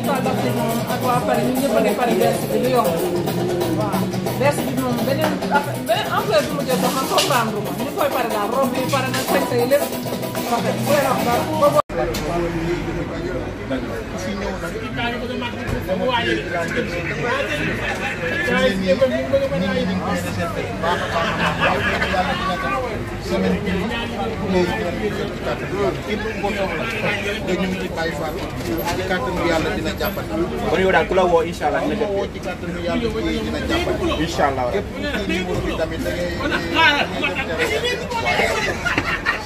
école Barth moom ak waa Paris ñun ñëpp a ngi Paris berse bi lu yomb waaw berse bi moom beneen beneen ampleur bi mu jël sax man comprendre ma ñu koy pare daal robe yi pare na sañ say lépp rafet bu leen wax dara boobu semaine képp ko soxla nga ñëw ci Baye Fall ci kàttanu yàlla dina jàppal kon yow daal ku la woo incha allah dina woo ci kàttanu yàlla dina jàppal incha allah képp ci numéro bi tamit da ngay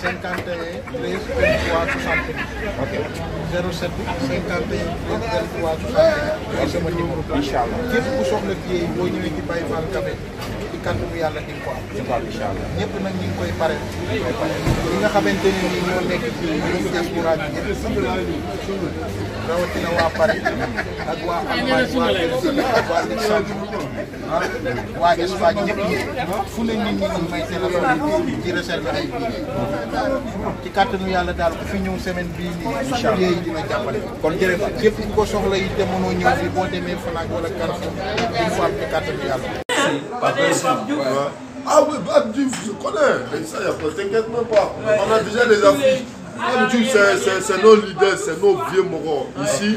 cinquante et un treize vingt trois soixante ok zéro sept cinquante et un treize vingt trois soixante sama numéro incha allah képp ku soxla fii boo ñëwee ci Baye Fall Café kàddu yàlla di nga ko am. di ñëpp nag ñu koy pare. nga xamante ne nii ñoo nekk ci diaspora bi ñëpp rawatina waa Paris ak waa Allemagne waa Belgique ak waa Luxembourg waa Espagne ñëpp fu ne nit ñi ñu may téléphone di réservé ay billets ci kàttanu yàlla daal ku fi ñëw semaine bii nii. dina jàppale. kon jërëjëf képp ci kàttanu yàlla. Ah oui, Abdiouf, je connais. Ça, t'inquiète même pas. On a déjà les affiches. Abdiouf, c'est nos leaders, c'est nos vieux morons. Ici,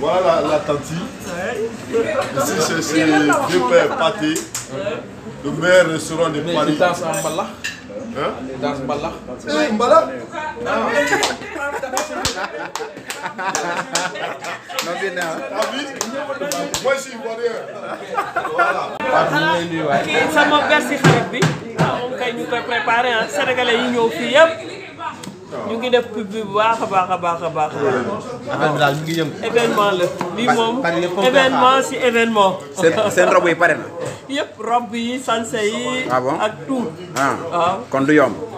voilà la, la tantie. Ici, c'est chez vieux père Pâté, le meilleur restaurant de Paris. Mais danse en Mbala Hein Danse Mbala Eh, Mbala Non, bien, hein Moi, je suis ivoirien. Voilà. kii sama bersi xarit bi moom kay ñu koy préparé ah sénégalais yi ñëw fii yëpp ñu ngi def pub bi baax a baax a baax a baax. affaire bi daal mi ngi yëm. événement la lii moom événement ah. si événement. seen seen rob yi pare na. yëpp rob yi sanse yi. Ah ah. kon du yomb.